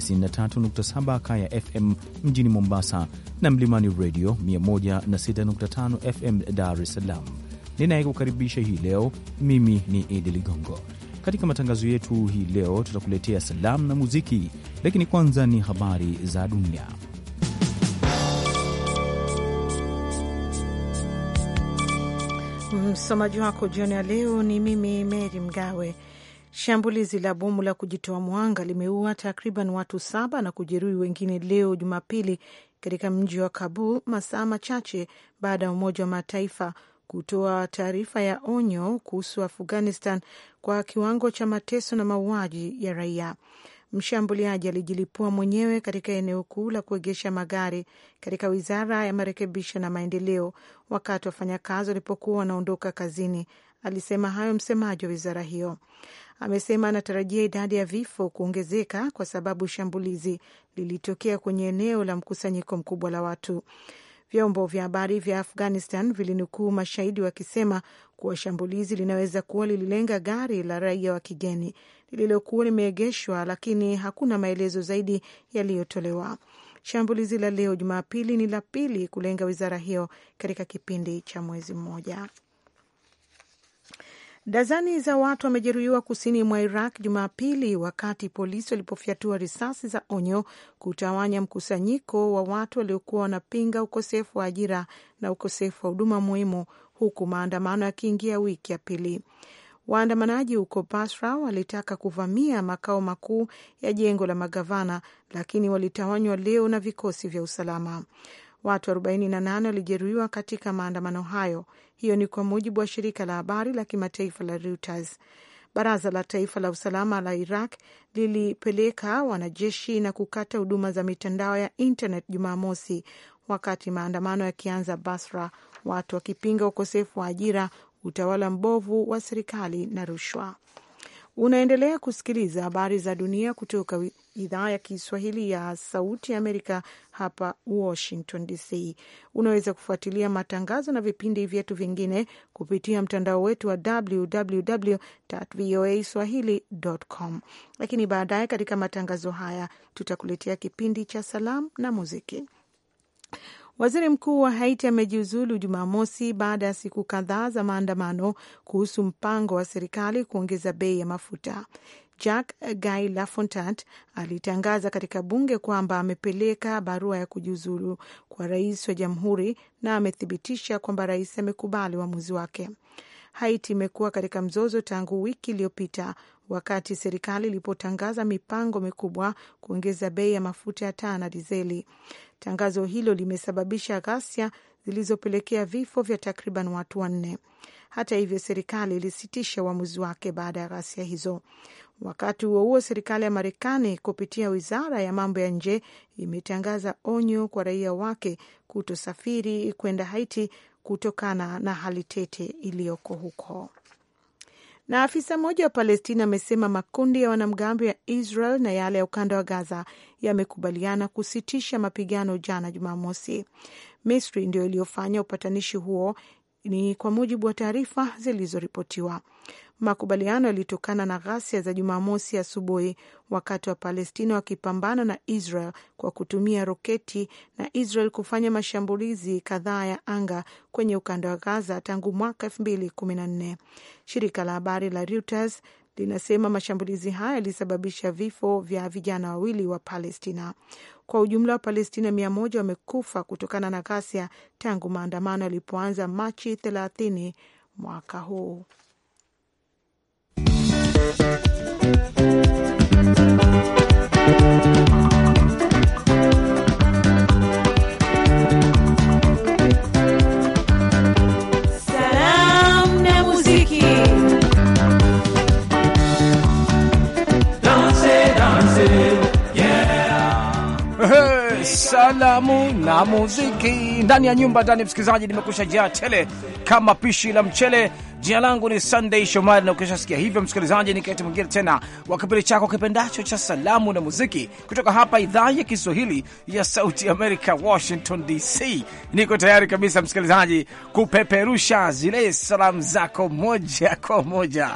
93.7 Kaya FM mjini Mombasa na Mlimani Radio 106.5 FM Dar es Salaam. Ninayekukaribisha hii leo mimi ni Idi Ligongo. Katika matangazo yetu hii leo tutakuletea salamu na muziki, lakini kwanza ni habari za dunia. Msomaji wako jioni ya leo ni mimi Meri Mgawe. Shambulizi la bomu la kujitoa mwanga limeua takriban watu saba na kujeruhi wengine leo Jumapili katika mji wa Kabul, masaa machache baada ya Umoja wa Mataifa kutoa taarifa ya onyo kuhusu Afghanistan kwa kiwango cha mateso na mauaji ya raia. Mshambuliaji alijilipua mwenyewe katika eneo kuu la kuegesha magari katika wizara ya marekebisho na maendeleo wakati wafanyakazi walipokuwa wanaondoka kazini. Alisema hayo msemaji wa wizara hiyo amesema anatarajia idadi ya vifo kuongezeka kwa sababu shambulizi lilitokea kwenye eneo la mkusanyiko mkubwa la watu. Vyombo vya habari vya Afghanistan vilinukuu mashahidi wakisema kuwa shambulizi linaweza kuwa lililenga gari la raia wa kigeni lililokuwa limeegeshwa, lakini hakuna maelezo zaidi yaliyotolewa. Shambulizi la leo Jumapili ni la pili kulenga wizara hiyo katika kipindi cha mwezi mmoja. Dazani za watu wamejeruhiwa kusini mwa Iraq Jumapili wakati polisi walipofyatua risasi za onyo kutawanya mkusanyiko wa watu waliokuwa wanapinga ukosefu wa ajira na ukosefu wa huduma muhimu, huku maandamano yakiingia wiki ya pili. Waandamanaji huko Basra walitaka kuvamia makao makuu ya jengo la magavana, lakini walitawanywa leo na vikosi vya usalama. Watu 48 walijeruhiwa katika maandamano hayo. Hiyo ni kwa mujibu wa shirika la habari la kimataifa la Reuters. Baraza la Taifa la Usalama la Iraq lilipeleka wanajeshi na kukata huduma za mitandao ya internet Jumamosi, wakati maandamano yakianza Basra, watu wakipinga ukosefu wa ajira, utawala mbovu wa serikali na rushwa. Unaendelea kusikiliza habari za dunia kutoka idhaa ya Kiswahili ya Sauti ya Amerika hapa Washington DC. Unaweza kufuatilia matangazo na vipindi vyetu vingine kupitia mtandao wetu wa www voa swahili.com. Lakini baadaye katika matangazo haya tutakuletea kipindi cha salamu na muziki. Waziri mkuu wa Haiti amejiuzulu Jumamosi baada ya siku kadhaa za maandamano kuhusu mpango wa serikali kuongeza bei ya mafuta. Jack Guy Lafontant alitangaza katika bunge kwamba amepeleka barua ya kujiuzulu kwa rais wa jamhuri na amethibitisha kwamba rais amekubali uamuzi wa wake. Haiti imekuwa katika mzozo tangu wiki iliyopita wakati serikali ilipotangaza mipango mikubwa kuongeza bei ya mafuta ya taa na dizeli. Tangazo hilo limesababisha ghasia zilizopelekea vifo vya takriban watu wanne. Hata hivyo, serikali ilisitisha uamuzi wake baada ya ghasia hizo. Wakati huo huo, serikali ya Marekani kupitia wizara ya mambo ya nje imetangaza onyo kwa raia wake kutosafiri kwenda Haiti kutokana na hali tete iliyoko huko. Na afisa mmoja wa Palestina amesema makundi ya wanamgambo ya Israel na yale ya ukanda wa Gaza yamekubaliana kusitisha mapigano jana Jumamosi. Misri ndio iliyofanya upatanishi huo, ni kwa mujibu wa taarifa zilizoripotiwa. Makubaliano yalitokana na ghasia za Jumamosi asubuhi wakati wa Palestina wakipambana na Israel kwa kutumia roketi na Israel kufanya mashambulizi kadhaa ya anga kwenye ukanda wa Gaza tangu mwaka elfu mbili kumi na nne. Shirika la habari la Reuters linasema mashambulizi haya yalisababisha vifo vya vijana wawili wa Palestina. Kwa ujumla wa Palestina mia moja wamekufa kutokana na ghasia tangu maandamano yalipoanza Machi 30 mwaka huu. Thank you. salamu na muziki ndani ya nyumba ndani. Msikilizaji, nimekusha jaa tele kama pishi la mchele. Jina langu ni Sunday Shomari, na ukishasikia hivyo msikilizaji, ni kati mwingine tena wa kipindi chako kipendacho cha salamu na muziki kutoka hapa idhaa ya Kiswahili ya Sauti Amerika, Washington DC. Niko tayari kabisa msikilizaji kupeperusha zile salamu zako moja kwa moja.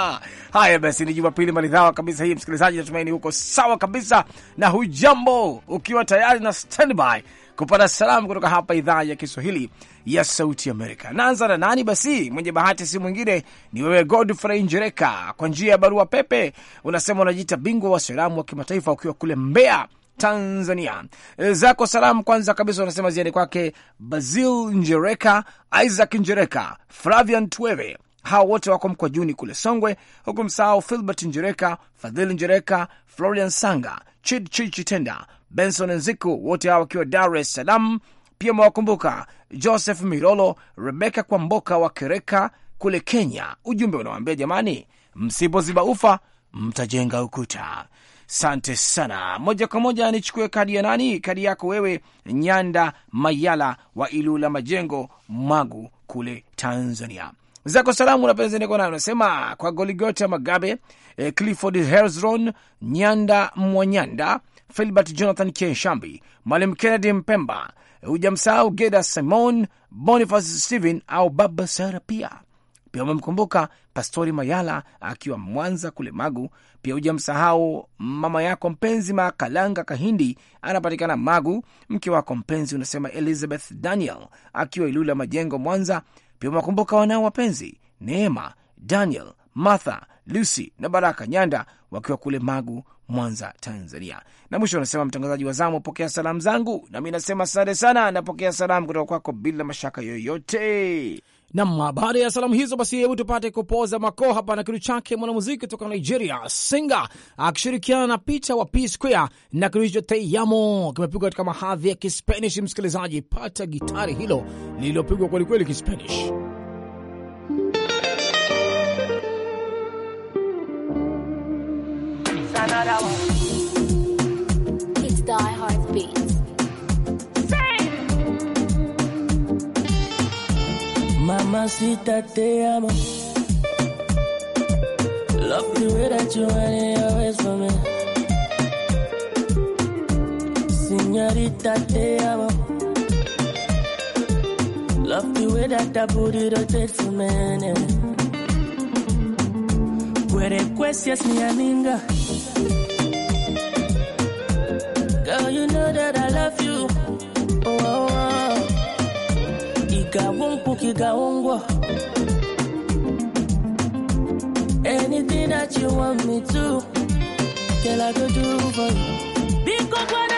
Haya basi, ni Jumapili maridhawa kabisa hii msikilizaji, natumaini huko sawa kabisa na hujambo, ukiwa tayari na standby kupata salamu kutoka hapa idhaa ya Kiswahili ya Sauti Amerika. Naanza na nani basi? Mwenye bahati si mwingine ni wewe Godfrey Njereka. Kwa njia ya barua pepe unasema unajiita bingwa wa salamu wa kimataifa ukiwa kule Mbeya, Tanzania. E, zako salamu kwanza kabisa unasema ziende kwake Basil Njereka, Isaac Njereka, Flavian Tweve, hawa wote wako juni kule Songwe, huku msahau Filbert Njereka, Fadhili Njereka, Florian Sanga, Chid Chid Chitenda Benson Nziku, wote hawa wakiwa Dar es Salaam. Pia mewakumbuka Joseph Mirolo, Rebeka Kwamboka wa Kereka kule Kenya. Ujumbe unawaambia jamani, msipoziba ufa mtajenga ukuta. Sante sana. Moja kwa moja nichukue kadi ya nani? Kadi yako wewe, Nyanda Mayala wa Ilula Majengo, Magu kule Tanzania. Zako salamu napenza niko nayo, unasema kwa Goligota Magabe, eh, Clifford Herzron, Nyanda Mwanyanda Filbert Jonathan Kenshambi, Mwalimu Kennedy Mpemba, hujamsahau Geda Simon, Boniface Stephen au Baba Sara. Pia pia umemkumbuka Pastori Mayala akiwa Mwanza kule Magu. Pia hujamsahau mama yako mpenzi Makalanga Kahindi, anapatikana Magu. Mke wako mpenzi unasema Elizabeth Daniel akiwa Ilula Majengo, Mwanza. Pia umewakumbuka wanao wapenzi Neema Daniel, Martha, Lucy na Baraka Nyanda wakiwa kule Magu Mwanza, Tanzania. Na mwisho anasema mtangazaji wa zamu, pokea salamu zangu, nami nasema asante sana. Napokea salamu kutoka kwako bila mashaka yoyote. Nam, baada ya salamu hizo, basi hebu tupate kupoza mako hapa na kitu chake mwanamuziki kutoka Nigeria, Singa akishirikiana na Pita wa P Square na kitu hicho Teyamo kimepigwa katika mahadhi ya Kispanish. Msikilizaji, pata gitari hilo lililopigwa kwelikweli Kispanish. mamacita, te amo. Love the way that you any always for me. Señorita, te amo. Love the way that that booty rotates for me. me mi amiga. Girl, you know that I love you. kigaungwa. Anything that you want me to, girl, I go do for you.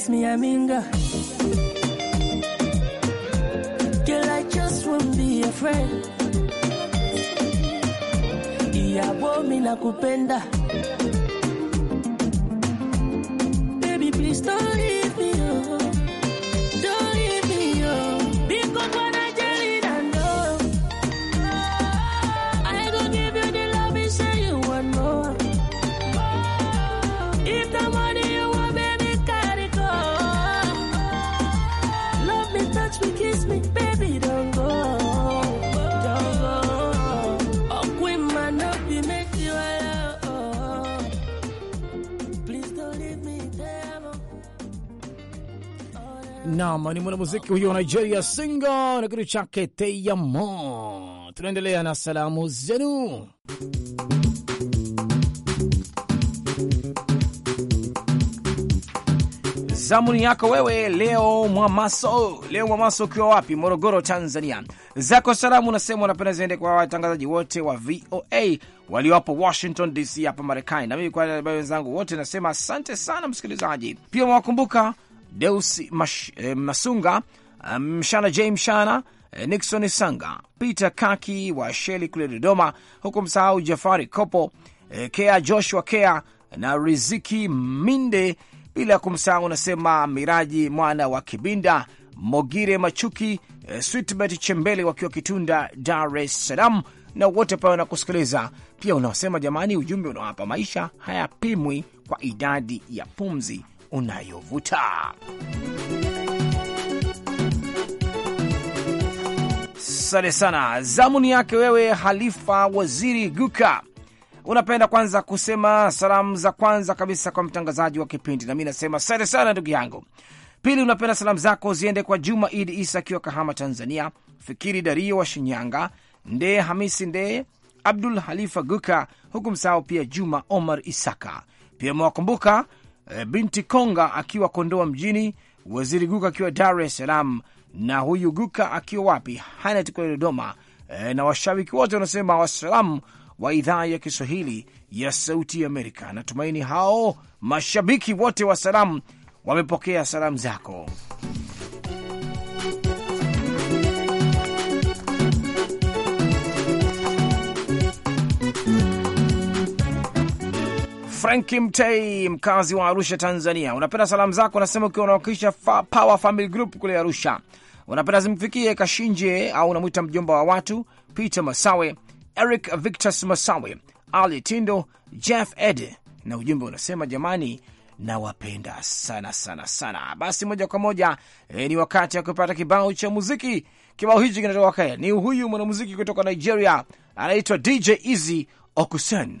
Yes, me, I minga. Girl, I just won't be afraid. mi na kupenda. Baby, please don't leave. Naam, ni mwanamuziki huyo wa Nigeria singa na kitu chake Teyamo. Tunaendelea na salamu zenu. Zamuni yako wewe leo Mwamaso, leo Mwamaso ukiwa wapi? Morogoro, Tanzania. Zako salamu nasema unapenda ziende kwa watangazaji wote wa VOA waliowapo Washington DC hapa Marekani, na mimi kwa wenzangu wote nasema asante sana msikilizaji. Pia mwakumbuka Deus Mash, eh, Masunga, eh, Mshana J Mshana, eh, Nixon Sanga, Peter Kaki wa Sheli kule Dodoma, huku msahau Jafari Kopo, eh, Kea Joshua Kea na Riziki Minde, bila ya kumsahau unasema Miraji mwana wa Kibinda, Mogire Machuki, eh, Sweetbet Chembele wakiwa Kitunda, Dar es Salaam na wote pale wanakusikiliza pia, unaosema jamani, ujumbe unawapa maisha hayapimwi kwa idadi ya pumzi unayovuta. sante sana. Zamuni yake wewe Halifa Waziri Guka, unapenda kwanza kusema salamu za kwanza kabisa kwa mtangazaji wa kipindi, nami nasema sante sana ndugu yangu. Pili, unapenda salamu zako ziende kwa Juma Idi Isa akiwa Kahama, Tanzania, Fikiri Dario wa Shinyanga, Ndee Hamisi Ndee, Abdul Halifa Guka, huku msahau pia Juma Omar Isaka. Pia umewakumbuka Eh, binti Konga akiwa Kondoa mjini, waziri Guka akiwa Dar es Salaam na huyu Guka akiwa wapi, Hanet kwa Dodoma. E, na washabiki wote wanasema wasalamu wa idhaa ya Kiswahili ya Sauti ya Amerika. Natumaini hao mashabiki wote wa salamu wamepokea salamu zako. Franki Mtei, mkazi wa Arusha, Tanzania, unapenda salamu zako unasema ukiwa unawakilisha fa Power Family Group kule Arusha, unapenda zimfikie Kashinje au unamwita mjomba wa watu, Peter Masawe, Eric Victor Masawe, Ali Tindo, Jeff Ed, na ujumbe unasema jamani, nawapenda sana sana sana. Basi moja kwa moja e, ni wakati wa kupata kibao cha muziki. Kibao hichi kinatoka eh, ni huyu mwanamuziki kutoka Nigeria, anaitwa DJ Easy Okusen.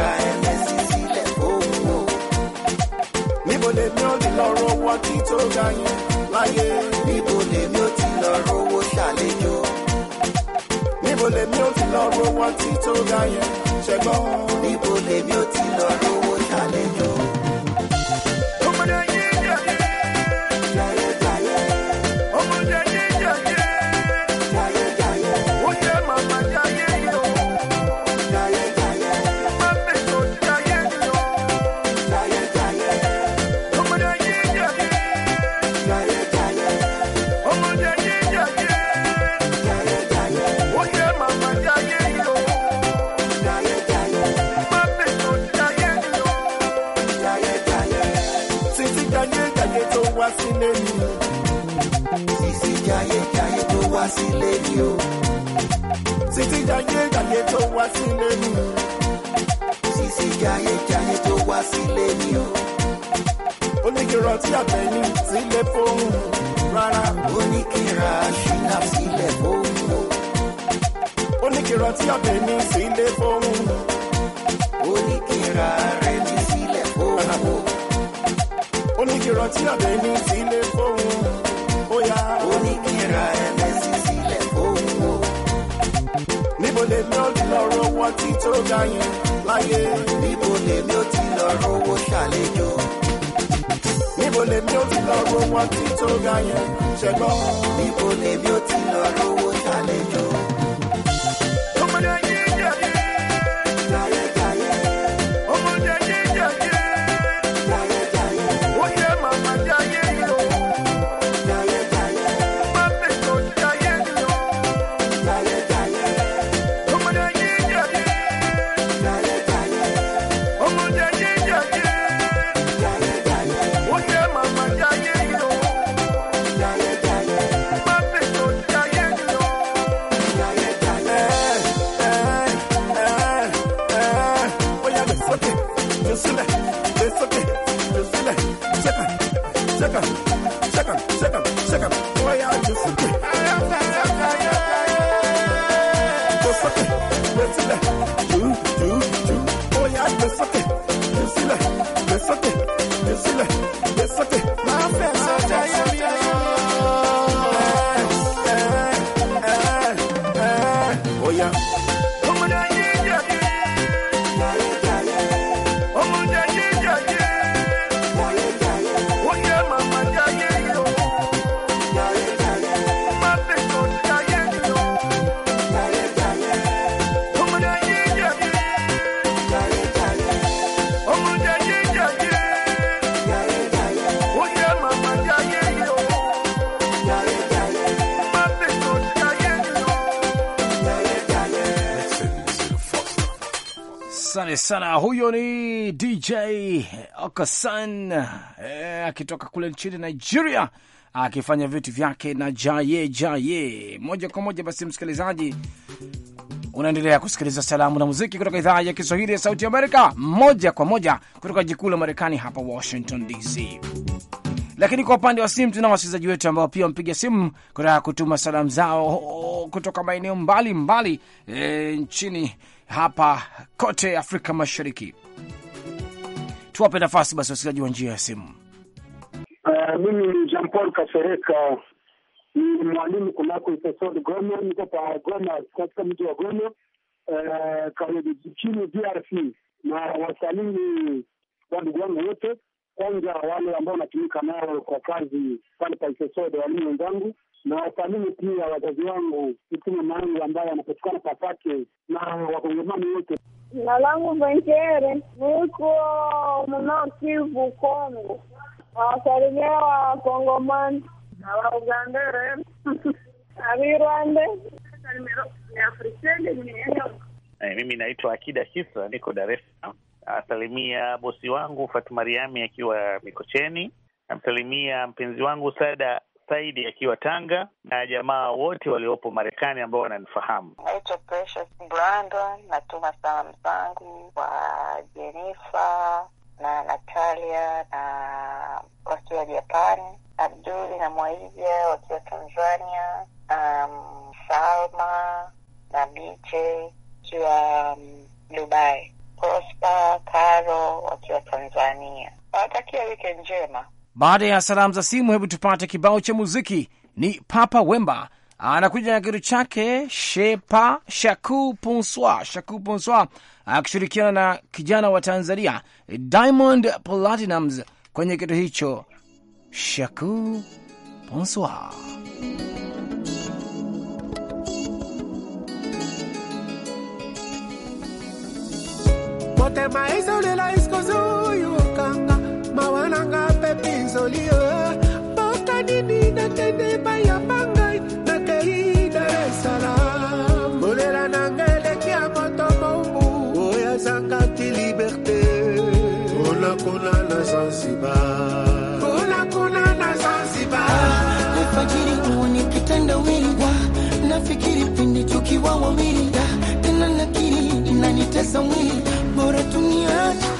ra ẹ̀mí sísí òun o. níbo lèmi ò ti lọ rówó tí tó ga yín láyé. níbo lèmi ò ti lọ rówó ṣàlejò. níbo lèmi ò ti lọ rówó tí tó ga yín ṣẹgbọ́n. níbo lèmi ò ti lọ rówó ṣàlejò. lórí lọ́rọ̀ wọn tí tó ga yẹn láyé. níbo lèmi ò ti lọ rówó ṣàlejò. níbo lèmi ò ti lọ rówó wọn tí tó ga yẹn ṣẹgbọ́n. níbo lèmi ò ti lọ rówó ṣàlejò. sana. Huyo ni DJ Okasan eh, akitoka kule nchini Nigeria akifanya vitu vyake na jaye jaye moja kwa moja. Basi msikilizaji, unaendelea kusikiliza salamu na muziki kutoka idhaa ya Kiswahili ya Sauti Amerika, moja kwa moja kutoka jikuu la Marekani hapa Washington DC. Lakini kwa upande wa simu tunao wasikilizaji wetu ambao pia wamepiga simu kutaka kutuma salamu zao kutoka maeneo mbalimbali e, nchini hapa kote Afrika Mashariki. Tuwape nafasi basi wasikilizaji wa njia ya simu. Uh, mimi ni Jean Paul Kasereka, ni mwalimu kunako Isesod Goma, niko pa Goma, katika mji wa Goma nchini eh, DRC, na wasalimu wandugu wangu wote, kwanza wale ambao wanatumika nao kwa kazi pale pa walimu wenzangu na wasalimu pia wazazi wangu, mtume mangu ambaye anapatikana Papake na wakongomani wote. Jina langu Mbenkere, niko Munor Kongo. Nawasalimia Wakongomani na Waugandere Hey, Mimi naitwa Akida kisa niko Dar es Salaam. Nawasalimia bosi wangu Fatuma Riami akiwa Mikocheni. Namsalimia mpenzi wangu Sada Saidi akiwa Tanga na jamaa wote waliopo Marekani ambao wananifahamu. Naitwa Precious Brandon, natuma salamu zangu kwa Jenifa na Natalia na wakiwa Japani, Abduli na Mwaija wakiwa Tanzania, um, Salma na Biche wakiwa um, Dubai, Prosper Karo wakiwa Tanzania. Nawatakia wiki njema. Baada ya salamu za simu, hebu tupate kibao cha muziki. Ni Papa Wemba anakuja na kitu chake Shepa Shaku Ponswa, Shaku Ponswa akishirikiana na kijana wa Tanzania Diamond Platinums kwenye kitu hicho Shaku iskozu nafikiri pindi tena nakiri inanitesa mwili bora tuniacha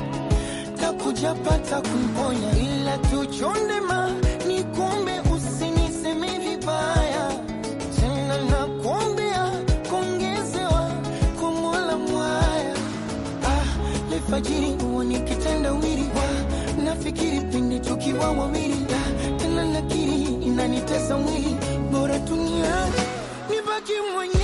hujapata kumponya, ila tuchondema ni kumbe, usiniseme vibaya tena, nakuombea kuongezewa kumula mwaya. Ah, lefajiri huwa nikitenda wiriwa, nafikiri pindi tukiwa wawili, ah, tena nakiri inanitesa mwili, bora tunia nibaki mwenyewe.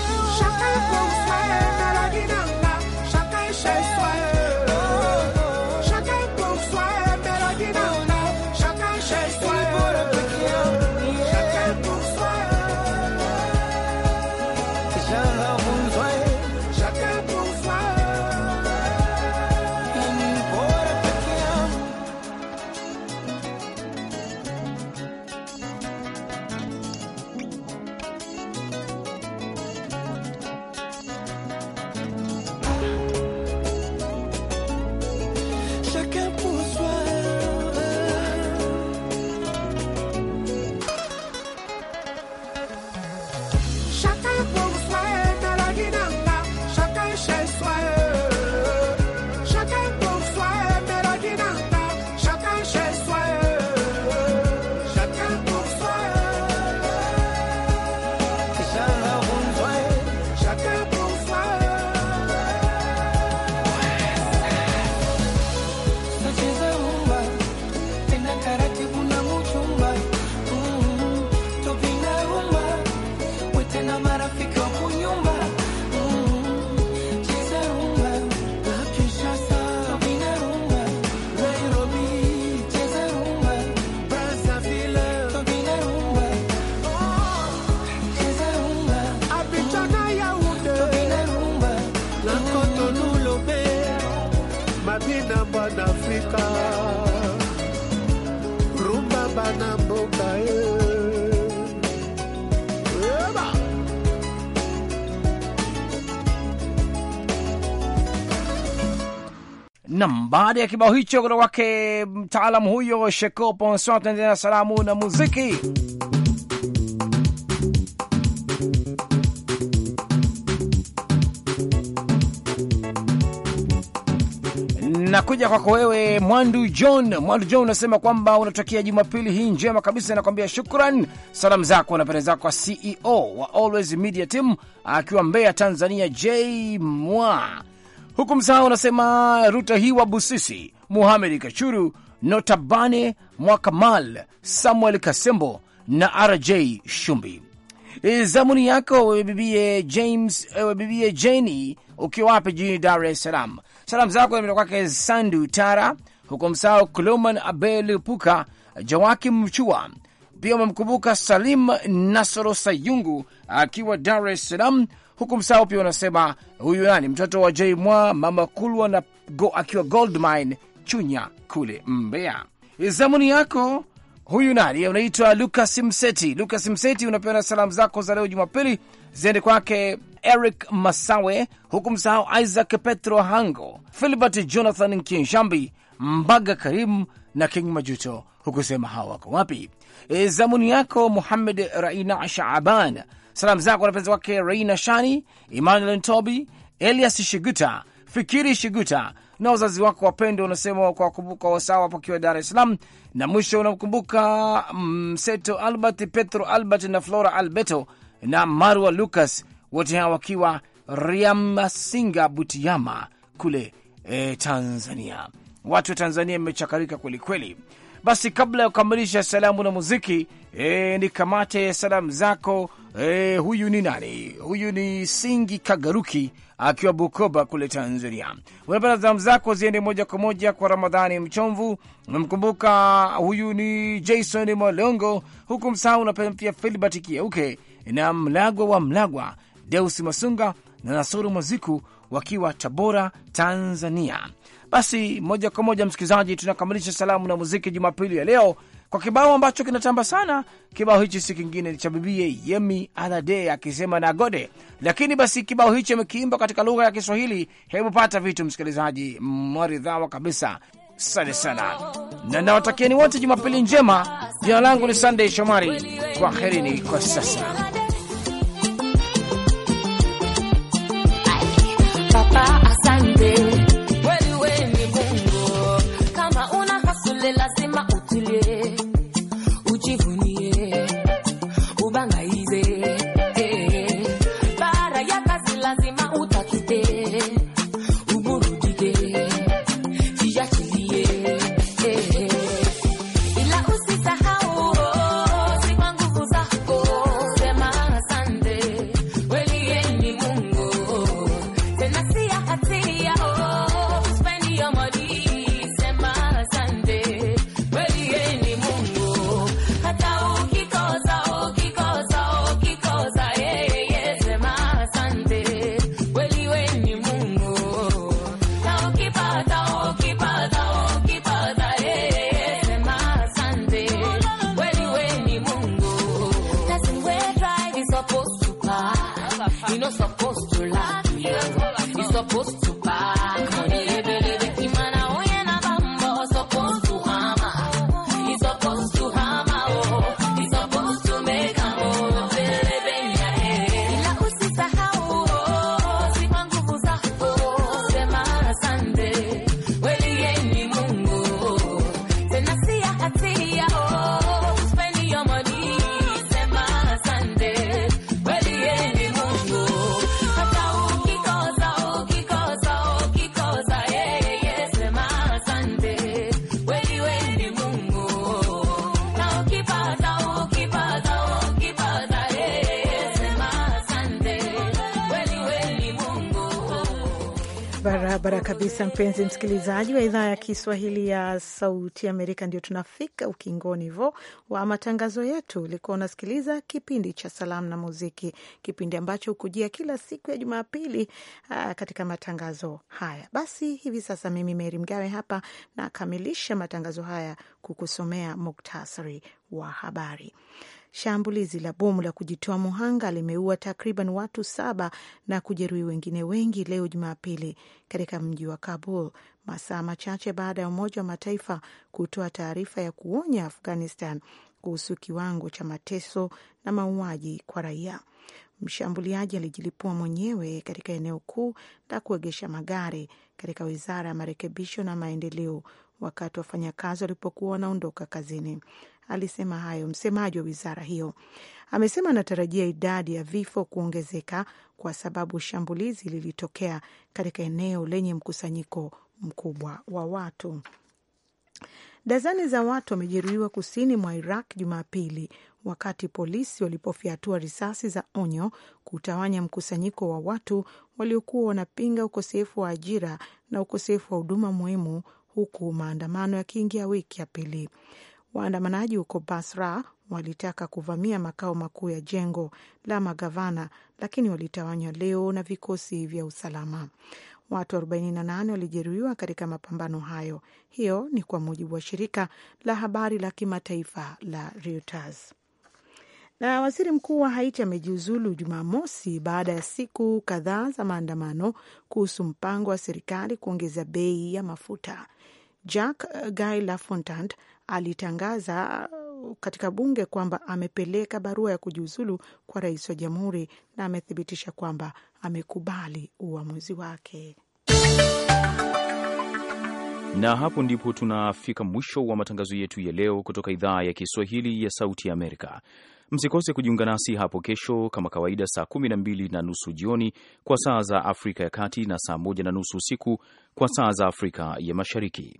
Baada ya kibao hicho kutoka kwake mtaalamu huyo Sheko Ponso, tunaendelea na salamu na muziki. Nakuja kwako wewe Mwandu John. Mwandu John unasema kwamba unatokea Jumapili hii njema kabisa, nakwambia shukran. Salamu zako napenda zako kwa CEO wa Always Media Team akiwa Mbeya, Tanzania, J Mwa huku msahau unasema ruta hiwa Busisi, Muhamed Kachuru, Notabane Mwakamal, Samuel Kasembo na RJ Shumbi. E, zamuni yako wabibie e, James, e, Jeni ukiwa wapi jijini Dar es Salaam. Salamu zako imetoka kwake Sandu Tara, huku msahau cloman Abel Puka, jawaki Mchua, pia umemkumbuka Salim Nasoro Sayungu akiwa Dar es Salaam huku msao pia unasema huyu nani mtoto wa J Mwa mama Kulwa na go, akiwa Goldmine Chunya kule Mbeya. Zamuni yako huyu nani unaitwa Lucas Mseti. Lucas Mseti unapeana salamu zako za leo Jumapili ziende kwake Eric Masawe, huku msahau Isaac Petro Hango, Filibert Jonathan kinshambi Mbaga Karimu na King Majuto, hukusema hawa wako wapi. E, zamuni yako Muhamed Raina Shaaban Salamu zako napenzi wake Reina Shani, Emmanuel Ntobi, Elias Shiguta, Fikiri Shiguta na wazazi wako wapendwa, unasema kwa wakumbuka wasawa wapokiwa Dar es Salaam, na mwisho unamkumbuka Mseto mm, Albert, Petro Albert na Flora Alberto na Marwa Lucas, wote hawa wakiwa Riamasinga, Butiama kule e, Tanzania. Watu wa Tanzania mmechakarika kwelikweli. Basi kabla ya kukamilisha salamu na muziki e, ni kamate salamu zako e, huyu ni nani? Huyu ni Singi Kagaruki akiwa Bukoba kule Tanzania. Unapenda salamu zako ziende moja kwa moja kwa Ramadhani Mchomvu, namkumbuka huyu ni Jason Malongo, huku msahau unapenda pia Filibert Kiauke na Mlagwa wa Mlagwa, Deusi Masunga na Nasoro Maziku wakiwa Tabora, Tanzania. Basi moja kwa moja, msikilizaji, tunakamilisha salamu na muziki Jumapili ya leo kwa kibao ambacho kinatamba sana. Kibao hichi si kingine cha bibie Yemi Alade akisema na Gode, lakini basi kibao hichi amekiimba katika lugha ya Kiswahili. Hebu pata vitu, msikilizaji mwaridhawa kabisa. Asante sana na nawatakieni wote Jumapili njema. Jina langu ni sandey Shomari, herini kwa sasa. Baby. kabisa, mpenzi msikilizaji wa idhaa ya Kiswahili ya Sauti Amerika, ndio tunafika ukingoni vo wa matangazo yetu. Ulikuwa unasikiliza kipindi cha Salamu na Muziki, kipindi ambacho hukujia kila siku ya Jumapili ah, katika matangazo haya. Basi hivi sasa mimi Meri Mgawe hapa nakamilisha matangazo haya kukusomea muktasari wa habari. Shambulizi la bomu la kujitoa muhanga limeua takriban watu saba na kujeruhi wengine wengi leo Jumapili katika mji wa Kabul, masaa machache baada ya Umoja wa Mataifa kutoa taarifa ya kuonya Afghanistan kuhusu kiwango cha mateso na mauaji kwa raia. Mshambuliaji alijilipua mwenyewe katika eneo kuu la kuegesha magari katika wizara ya marekebisho na maendeleo wakati wafanyakazi walipokuwa wanaondoka kazini alisema hayo. Msemaji wa wizara hiyo amesema anatarajia idadi ya vifo kuongezeka kwa sababu shambulizi lilitokea katika eneo lenye mkusanyiko mkubwa wa watu. Dazani za watu wamejeruhiwa kusini mwa Iraq Jumapili wakati polisi walipofyatua risasi za onyo kutawanya mkusanyiko wa watu waliokuwa wanapinga ukosefu wa ajira na ukosefu wa huduma muhimu, huku maandamano yakiingia wiki ya pili. Waandamanaji huko Basra walitaka kuvamia makao makuu ya jengo la magavana, lakini walitawanywa leo na vikosi vya usalama. Watu 48 walijeruhiwa katika mapambano hayo. Hiyo ni kwa mujibu wa shirika la habari la kimataifa la Reuters. Na waziri mkuu wa Haiti amejiuzulu Jumamosi baada ya siku kadhaa za maandamano kuhusu mpango wa serikali kuongeza bei ya mafuta. Jack Guy Lafontant alitangaza katika bunge kwamba amepeleka barua ya kujiuzulu kwa rais wa jamhuri na amethibitisha kwamba amekubali uamuzi wake. Na hapo ndipo tunafika mwisho wa matangazo yetu ya leo kutoka idhaa ya Kiswahili ya Sauti ya Amerika. Msikose kujiunga nasi hapo kesho kama kawaida, saa kumi na mbili na nusu jioni kwa saa za Afrika ya Kati na saa moja na nusu usiku kwa saa za Afrika ya Mashariki.